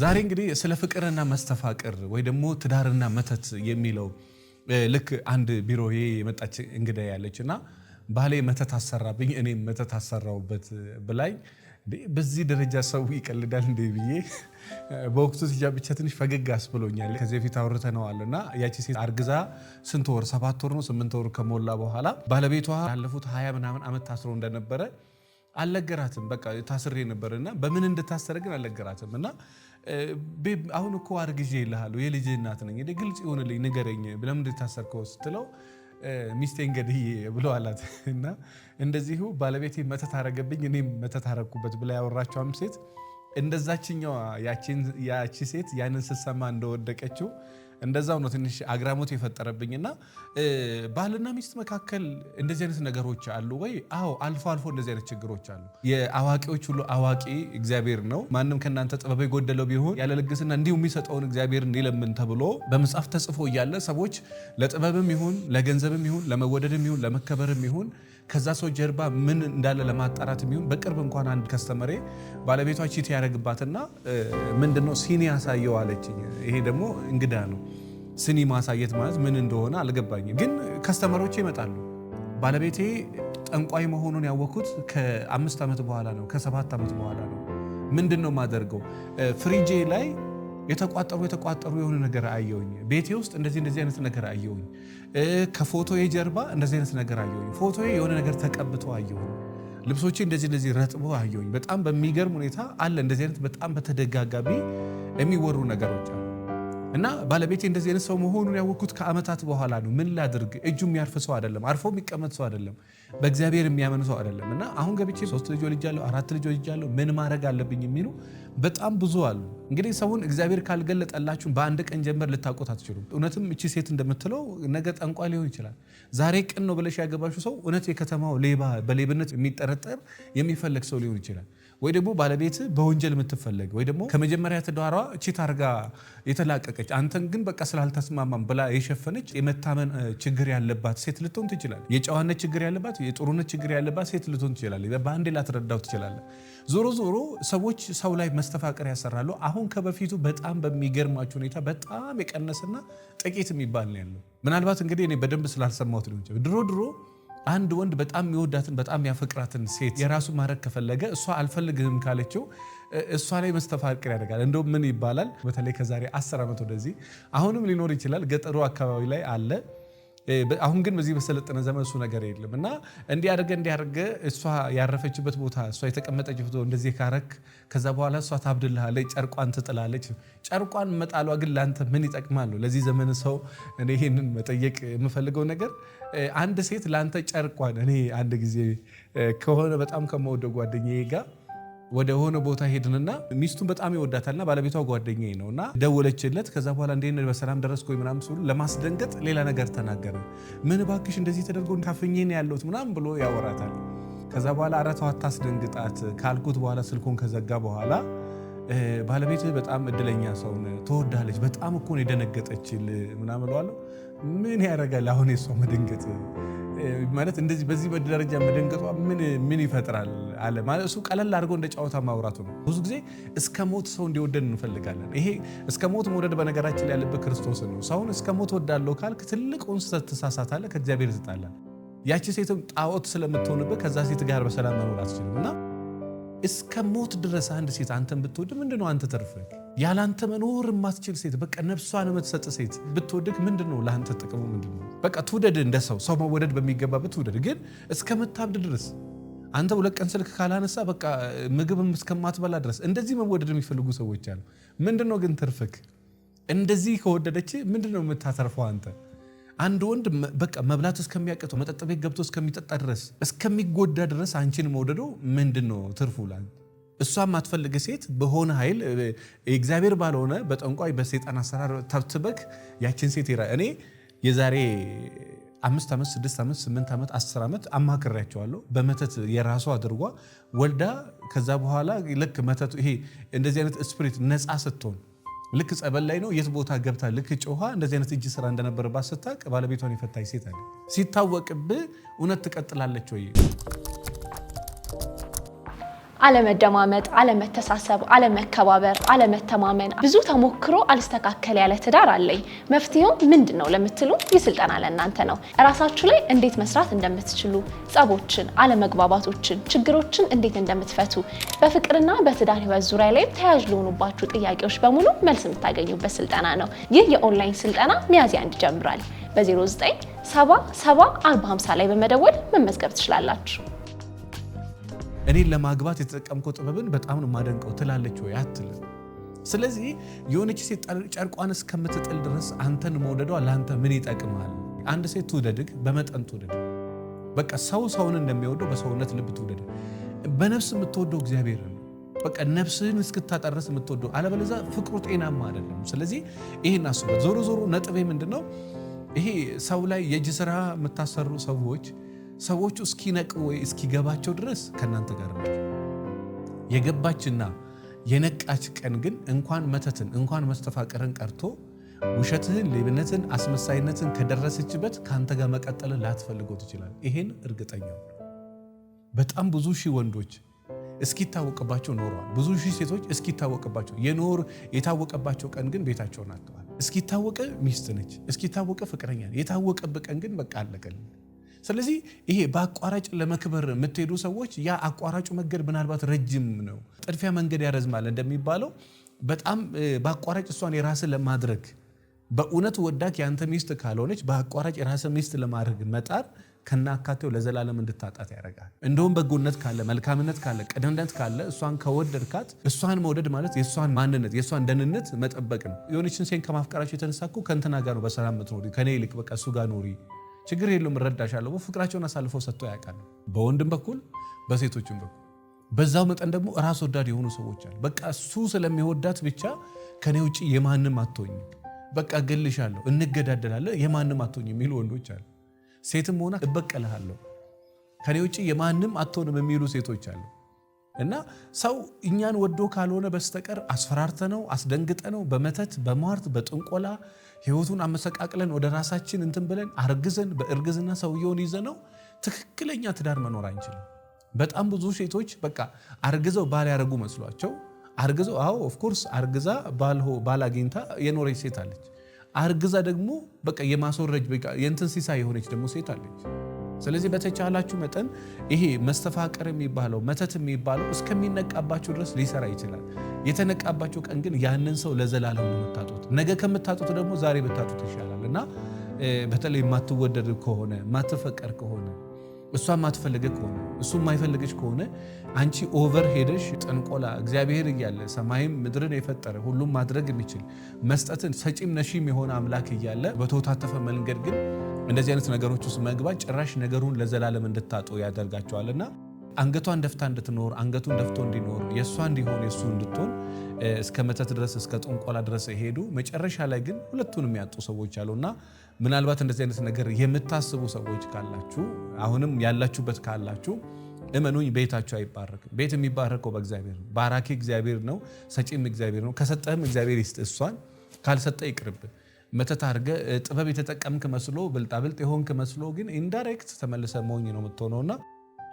ዛሬ እንግዲህ ስለ ፍቅርና መስተፋቅር ወይ ደግሞ ትዳርና መተት የሚለው ልክ አንድ ቢሮ የመጣች እንግዳ ያለች እና ባሌ መተት አሰራብኝ እኔ መተት አሰራውበት ብላይ በዚህ ደረጃ ሰው ይቀልዳል እንዴ ብዬ በወቅቱ ትጃ ብቻ ትንሽ ፈገግ አስብሎኛል። ከዚህ በፊት አውርተነዋል እና ያቺ ሴት አርግዛ ስንት ወር ሰባት ወር ነው ስምንት ወር ከሞላ በኋላ ባለቤቷ ያለፉት ሀያ ምናምን ዓመት ታስሮ እንደነበረ አልነገራትም። በቃ ታስሬ ነበር እና በምን እንደታሰረ ግን አልነገራትም እና ቤብ አሁን እኮ አርግዤ ይልሃሉ የልጅ እናት ነኝ ግልጽ የሆንልኝ ንገረኝ፣ ለምን ታሰርከው ስትለው ሚስቴ ገድዬ ብሎ አላት እና እንደዚሁ ባለቤቴ መተት አረገብኝ እኔም መተት አረግኩበት ብላ ያወራቸውም ሴት እንደዛችኛዋ ያቺ ሴት ያንን ስትሰማ እንደወደቀችው እንደዛው ነው ትንሽ አግራሞት የፈጠረብኝና ባልና ሚስት መካከል እንደዚህ አይነት ነገሮች አሉ ወይ? አዎ አልፎ አልፎ እንደዚህ አይነት ችግሮች አሉ። የአዋቂዎች ሁሉ አዋቂ እግዚአብሔር ነው። ማንም ከእናንተ ጥበብ የጎደለው ቢሆን ያለ ልግስና እንዲሁ የሚሰጠውን እግዚአብሔር እንዲለምን ተብሎ በመጽሐፍ ተጽፎ እያለ ሰዎች ለጥበብም ይሁን ለገንዘብም ይሁን ለመወደድም ይሁን ለመከበርም ይሁን ከዛ ሰው ጀርባ ምን እንዳለ ለማጣራት የሚሆን በቅርብ እንኳን አንድ ከስተመሬ ባለቤቷ ቺት ያደረግባትና ምንድነው ሲኒ ያሳየው አለችኝ። ይሄ ደግሞ እንግዳ ነው ስኒ ማሳየት ማለት ምን እንደሆነ አልገባኝም፣ ግን ከስተመሮቼ ይመጣሉ። ባለቤቴ ጠንቋይ መሆኑን ያወቅኩት ከአምስት ዓመት በኋላ ነው፣ ከሰባት ዓመት በኋላ ነው። ምንድን ነው የማደርገው? ፍሪጄ ላይ የተቋጠሩ የተቋጠሩ የሆነ ነገር አየውኝ። ቤቴ ውስጥ እንደዚህ እንደዚህ አይነት ነገር አየውኝ። ከፎቶ ጀርባ እንደዚህ አይነት ነገር አየውኝ። ፎቶ የሆነ ነገር ተቀብቶ አየውኝ። ልብሶቼ እንደዚህ እንደዚህ ረጥቦ አየውኝ። በጣም በሚገርም ሁኔታ አለ። እንደዚህ አይነት በጣም በተደጋጋሚ የሚወሩ ነገሮች እና ባለቤቴ እንደዚህ አይነት ሰው መሆኑን ያወቅኩት ከዓመታት በኋላ ነው። ምን ላድርግ? እጁ የሚያርፍ ሰው አይደለም፣ አርፎ የሚቀመጥ ሰው አይደለም፣ በእግዚአብሔር የሚያምን ሰው አይደለም። እና አሁን ገብቼ ሶስት ልጅ ወልጃለሁ፣ አራት ልጅ ወልጃለሁ፣ ምን ማድረግ አለብኝ የሚሉ በጣም ብዙ አሉ። እንግዲህ ሰውን እግዚአብሔር ካልገለጠላችሁ በአንድ ቀን ጀምር ልታውቁት አትችሉም። እውነትም እቺ ሴት እንደምትለው ነገ ጠንቋ ሊሆን ይችላል። ዛሬ ቅን ነው ብለሽ ያገባሹ ሰው እውነት የከተማው ሌባ፣ በሌብነት የሚጠረጠር የሚፈለግ ሰው ሊሆን ይችላል። ወይ ደግሞ ባለቤት በወንጀል የምትፈለግ ወይ ደግሞ ከመጀመሪያ ትዳሯ ቺት አርጋ የተላቀቀች አንተን ግን በቃ ስላልተስማማም ብላ የሸፈነች የመታመን ችግር ያለባት ሴት ልትሆን ትችላለች። የጨዋነት ችግር ያለባት፣ የጥሩነት ችግር ያለባት ሴት ልትሆን ትችላለች። በአንዴ ላትረዳው ትችላለህ። ዞሮ ዞሮ ሰዎች ሰው ላይ መስተፋቀር ያሰራሉ። አሁን ከበፊቱ በጣም በሚገርማችሁ ሁኔታ በጣም የቀነሰና ጥቂት የሚባል ነው ያለው። ምናልባት እንግዲህ እኔ በደንብ ስላልሰማሁት ሊሆን ድሮ ድሮ አንድ ወንድ በጣም የሚወዳትን በጣም ያፈቅራትን ሴት የራሱ ማድረግ ከፈለገ እሷ አልፈልግህም ካለችው እሷ ላይ መስተፋቅር ያደርጋል። እንደውም ምን ይባላል፣ በተለይ ከዛሬ 10 ዓመት ወደዚህ አሁንም ሊኖር ይችላል ገጠሩ አካባቢ ላይ አለ አሁን ግን በዚህ በሰለጠነ ዘመን እሱ ነገር የለም እና እንዲያደርገ እንዲያደርገ እሷ ያረፈችበት ቦታ እሷ ፎቶ እንደዚህ ካረክ ከዛ በኋላ እሷ ታብድልሃለች፣ ጨርቋን ትጥላለች። ጨርቋን መጣሏ ግን ለአንተ ምን ይጠቅማል? ለዚህ ዘመን ሰው እኔ ይህንን መጠየቅ የምፈልገው ነገር አንድ ሴት ለአንተ ጨርቋን እኔ አንድ ጊዜ ከሆነ በጣም ከመወደው ጓደኛዬ ጋር ወደ ሆነ ቦታ ሄድንና ሚስቱን በጣም ይወዳታልና ባለቤቷ ጓደኛዬ ነው እና ደወለችለት። ከዛ በኋላ እንደ በሰላም ደረስክ ወይ ምናምን ሲሉ ለማስደንገጥ ሌላ ነገር ተናገረ። ምን እባክሽ እንደዚህ ተደርጎ ካፍኜ ነው ያለሁት ምናምን ብሎ ያወራታል። ከዛ በኋላ አረታው አታስደንግጣት ካልኩት በኋላ ስልኩን ከዘጋ በኋላ ባለቤት በጣም እድለኛ ሰው ትወዳለች፣ በጣም እኮ ነው የደነገጠችል ምናምን እለዋለሁ። ምን ያደርጋል አሁን የሷ መደንገጥ ማለት እንደዚህ በዚህ ደረጃ መደንገጧ ምን ይፈጥራል አለ ማለት እሱ ቀለል አድርገው እንደ ጨዋታ ማውራቱ ነው። ብዙ ጊዜ እስከ ሞት ሰው እንዲወደን እንፈልጋለን። ይሄ እስከ ሞት መውደድ በነገራችን ላይ ያለበት ክርስቶስ ነው። ሰውን እስከ ሞት ወዳለው ካልክ ትልቁን ስህተት ትሳሳታለህ፣ ከእግዚአብሔር ትጣላለህ። ያቺ ሴትም ጣዖት ስለምትሆንበት ከዛ ሴት ጋር በሰላም መኖር አትችልም እና እስከ ሞት ድረስ አንድ ሴት አንተን ብትወድ ምንድነው አንተ ተርፈህ? ያላንተ መኖር የማትችል ሴት በቃ ነፍሷን የምትሰጥ ሴት ብትወድህ ምንድነው ለአንተ ጥቅሙ ምንድነው? በቃ ትውደድ፣ እንደ ሰው ሰው መወደድ በሚገባበት ትውደድ። ግን እስከምታብድ ድረስ አንተ ሁለት ቀን ስልክ ካላነሳ በቃ ምግብም እስከማትበላ ድረስ እንደዚህ መወደድ የሚፈልጉ ሰዎች አሉ። ምንድነው ግን ትርፍክ? እንደዚህ ከወደደች ምንድነው የምታተርፈው አንተ? አንድ ወንድ በቃ መብላት እስከሚያቅተው መጠጥ ቤት ገብቶ እስከሚጠጣ ድረስ እስከሚጎዳ ድረስ አንቺን መውደዶ ምንድን ነው ትርፉ? እሷ የማትፈልግ ሴት በሆነ ኃይል እግዚአብሔር ባልሆነ በጠንቋይ በሴጣን አሰራር ተብትበክ ያችን ሴት ይራ እኔ የዛሬ አምስት ዓመት ስድስት ዓመት ስምንት ዓመት አስር ዓመት አማክሬያቸዋለሁ። በመተት የራሱ አድርጓ ወልዳ ከዛ በኋላ ልክ መተቱ ይሄ እንደዚህ አይነት ስፕሪት ነፃ ስትሆን ልክ ጸበል ላይ ነው የት ቦታ ገብታ ልክ ጮኋ እንደዚህ አይነት እጅ ስራ እንደነበረባት ስታቅ ባለቤቷን የፈታች ሴት አለ። ሲታወቅብህ እውነት ትቀጥላለች ወይ? አለመደማመጥ፣ አለመተሳሰብ፣ አለመከባበር፣ አለመተማመን፣ ብዙ ተሞክሮ አልስተካከል ያለ ትዳር አለኝ። መፍትሄው ምንድን ነው ለምትሉ ይህ ስልጠና ለእናንተ ነው። እራሳችሁ ላይ እንዴት መስራት እንደምትችሉ፣ ጸቦችን፣ አለመግባባቶችን፣ ችግሮችን እንዴት እንደምትፈቱ፣ በፍቅርና በትዳር ህይወት ዙሪያ ላይም ተያያዥ ለሆኑባችሁ ጥያቄዎች በሙሉ መልስ የምታገኙበት ስልጠና ነው። ይህ የኦንላይን ስልጠና ሚያዝያ አንድ ይጀምራል። በ0977 4050 ላይ በመደወል መመዝገብ ትችላላችሁ። እኔን ለማግባት የተጠቀምከው ጥበብን በጣም ነው ማደንቀው ትላለች ወይ አትልም። ስለዚህ የሆነች ሴት ጨርቋን እስከምትጥል ድረስ አንተን መውደዷ ለአንተ ምን ይጠቅማል? አንድ ሴት ትውደድግ፣ በመጠን ትውደድ። በቃ ሰው ሰውን እንደሚወደው በሰውነት ልብ ትውደድ። በነፍስ የምትወደው እግዚአብሔርን በቃ ነፍስህን እስክታጠረስ የምትወደው፣ አለበለዚያ ፍቅሩ ጤናማ አይደለም። ስለዚህ ይህን አስበት። ዞሮ ዞሮ ነጥቤ ምንድን ነው? ይሄ ሰው ላይ የእጅ ስራ የምታሰሩ ሰዎች ሰዎቹ እስኪነቅ ወይ እስኪገባቸው ድረስ ከእናንተ ጋር ናቸው። የገባችና የነቃች ቀን ግን እንኳን መተትን እንኳን መስተፋቅርን ቀርቶ ውሸትህን፣ ሌብነትን፣ አስመሳይነትን ከደረሰችበት ከአንተ ጋር መቀጠልን ላትፈልጎ ትችላል። ይሄን እርግጠኛ በጣም ብዙ ሺህ ወንዶች እስኪታወቅባቸው ኖረዋል። ብዙ ሺህ ሴቶች እስኪታወቅባቸው የኖር የታወቀባቸው ቀን ግን ቤታቸውን አጥተዋል። እስኪታወቀ ሚስት ነች፣ እስኪታወቀ ፍቅረኛ፣ የታወቀበት ቀን ግን በቃ አለቀልን። ስለዚህ ይሄ በአቋራጭ ለመክበር የምትሄዱ ሰዎች ያ አቋራጩ መንገድ ምናልባት ረጅም ነው፣ ጥድፊያ መንገድ ያረዝማል እንደሚባለው በጣም በአቋራጭ እሷን የራስን ለማድረግ በእውነት ወዳክ የአንተ ሚስት ካልሆነች በአቋራጭ የራስ ሚስት ለማድረግ መጣር ከናካቴው ለዘላለም እንድታጣት ያደርጋል። እንደውም በጎነት ካለ መልካምነት ካለ ቅንነት ካለ እሷን ከወደድካት፣ እሷን መውደድ ማለት የእሷን ማንነት የእሷን ደህንነት መጠበቅ ነው። የሆነችን ሴን ከማፍቀራቸው የተነሳ እኮ ከእንትና ጋር ነው በሰላም ምትኖሪ ከኔ ይልቅ በቃ እሱ ጋር ኖሪ ችግር የለውም እረዳሻለሁ። ፍቅራቸውን አሳልፈው ሰጥቶ ያውቃል። በወንድም በኩል በሴቶችም በኩል በዛው መጠን ደግሞ ራስ ወዳድ የሆኑ ሰዎች አሉ። በቃ እሱ ስለሚወዳት ብቻ ከኔ ውጭ የማንም አቶኝ በቃ እገልሻለሁ፣ እንገዳደላለን፣ የማንም አቶኝ የሚሉ ወንዶች አሉ። ሴትም ሆና እበቀልሃለሁ፣ ከኔ ውጭ የማንም አትሆንም የሚሉ ሴቶች አሉ። እና ሰው እኛን ወዶ ካልሆነ በስተቀር አስፈራርተነው አስደንግጠነው በመተት በሟርት በጥንቆላ ህይወቱን አመሰቃቅለን ወደ ራሳችን እንትን ብለን አርግዘን በእርግዝና ሰውየውን ይዘነው ትክክለኛ ትዳር መኖር አንችልም። በጣም ብዙ ሴቶች በቃ አርግዘው ባል ያደረጉ መስሏቸው አርግዘው አዎ ኦፍኮርስ አርግዛ ባል አግኝታ የኖረች ሴት አለች። አርግዛ ደግሞ በቃ የማስወረጅ የእንትን ሲሳይ የሆነች ደግሞ ሴት አለች። ስለዚህ በተቻላችሁ መጠን ይሄ መስተፋቀር የሚባለው መተት የሚባለው እስከሚነቃባችሁ ድረስ ሊሰራ ይችላል። የተነቃባችሁ ቀን ግን ያንን ሰው ለዘላለም ነው የምታጡት። ነገ ከምታጡት ደግሞ ዛሬ ብታጡት ይሻላል እና በተለይ የማትወደድ ከሆነ ማትፈቀር ከሆነ እሷ የማትፈልገ ከሆነ እሱ የማይፈልገች ከሆነ አንቺ ኦቨር ሄደሽ ጥንቆላ እግዚአብሔር እያለ ሰማይም ምድርን የፈጠረ ሁሉም ማድረግ የሚችል መስጠትን ሰጪም ነሺም የሆነ አምላክ እያለ በተወታተፈ መንገድ ግን እንደዚህ አይነት ነገሮች ውስጥ መግባት ጭራሽ ነገሩን ለዘላለም እንድታጡ ያደርጋቸዋልና አንገቷን ደፍታ እንድትኖር አንገቱን ደፍቶ እንዲኖር የእሷ እንዲሆን የእሱ እንድትሆን እስከ መተት ድረስ እስከ ጥንቆላ ድረስ ሄዱ። መጨረሻ ላይ ግን ሁለቱን የሚያጡ ሰዎች አሉና ምናልባት እንደዚህ አይነት ነገር የምታስቡ ሰዎች ካላችሁ አሁንም ያላችሁበት ካላችሁ እመኑኝ ቤታችሁ አይባረክም። ቤት የሚባረከው በእግዚአብሔር ነው። ባራኪ እግዚአብሔር ነው። ሰጪም እግዚአብሔር ነው። ከሰጠህም እግዚአብሔር ይስጥ እሷን ካልሰጠ ይቅርብን። መተት አድርገ ጥበብ የተጠቀምክ መስሎ ብልጣብልጥ የሆንክ መስሎ ግን ኢንዳይሬክት ተመልሰ ሞኝ ነው የምትሆነውና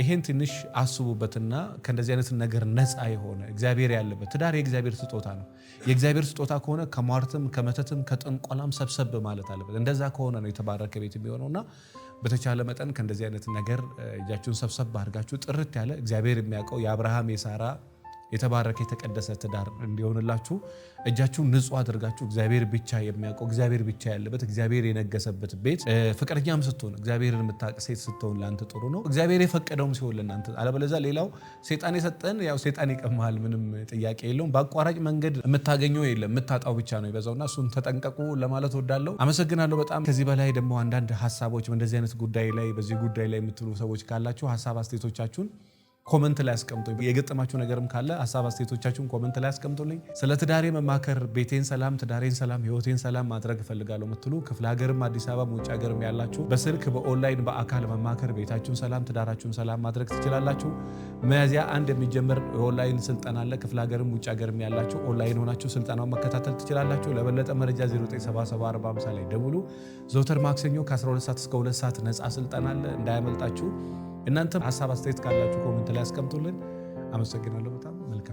ይሄን ትንሽ አስቡበትና ከእንደዚህ አይነት ነገር ነፃ የሆነ እግዚአብሔር ያለበት ትዳር የእግዚአብሔር ስጦታ ነው። የእግዚአብሔር ስጦታ ከሆነ ከሟርትም ከመተትም ከጥንቆላም ሰብሰብ ማለት አለበት። እንደዛ ከሆነ ነው የተባረከ ቤት የሚሆነውና በተቻለ መጠን ከእንደዚህ አይነት ነገር እጃችሁን ሰብሰብ አድርጋችሁ ጥርት ያለ እግዚአብሔር የሚያውቀው የአብርሃም የሳራ የተባረከ የተቀደሰ ትዳር እንዲሆንላችሁ እጃችሁን ንጹህ አድርጋችሁ እግዚአብሔር ብቻ የሚያውቀው እግዚአብሔር ብቻ ያለበት እግዚአብሔር የነገሰበት ቤት ፍቅረኛም ስትሆን እግዚአብሔርን የምታውቅ ሴት ስትሆን ለአንተ ጥሩ ነው። እግዚአብሔር የፈቀደውም ሲሆን ለእናንተ አለበለዚያ ሌላው ሴጣን የሰጠን ያው ሴጣን ይቀመሃል። ምንም ጥያቄ የለውም። በአቋራጭ መንገድ የምታገኘው የለም የምታጣው ብቻ ነው ይበዛውና እሱን ተጠንቀቁ ለማለት ወዳለው አመሰግናለሁ። በጣም ከዚህ በላይ ደግሞ አንዳንድ ሀሳቦች እንደዚህ አይነት ጉዳይ ላይ በዚህ ጉዳይ ላይ የምትሉ ሰዎች ካላችሁ ሀሳብ አስተያየቶቻችሁን ኮመንት ላይ አስቀምጦኝ የገጠማችሁ ነገርም ካለ ሀሳብ አስተያየቶቻችሁን ኮመንት ላይ አስቀምጦልኝ። ስለ ትዳሬ መማከር ቤቴን ሰላም፣ ትዳሬን ሰላም፣ ህይወቴን ሰላም ማድረግ እፈልጋለሁ የምትሉ ክፍለ ሀገርም አዲስ አበባ ውጭ ሀገርም ያላችሁ በስልክ በኦንላይን በአካል መማከር ቤታችሁን ሰላም፣ ትዳራችሁን ሰላም ማድረግ ትችላላችሁ። ሚያዝያ አንድ የሚጀመር የኦንላይን ስልጠና አለ። ክፍለ ሀገርም ውጭ ሀገርም ያላችሁ ኦንላይን ሆናችሁ ስልጠናውን መከታተል ትችላላችሁ። ለበለጠ መረጃ 097745 ላይ ደውሉ። ዘውተር ማክሰኞ ከ12 ሰዓት እስከ 2 ሰዓት ነፃ ስልጠና አለ፣ እንዳያመልጣችሁ። እናንተም ሀሳብ አስተያየት ካላችሁ ኮመንት ላይ ያስቀምጡልን። አመሰግናለሁ። በጣም መልካም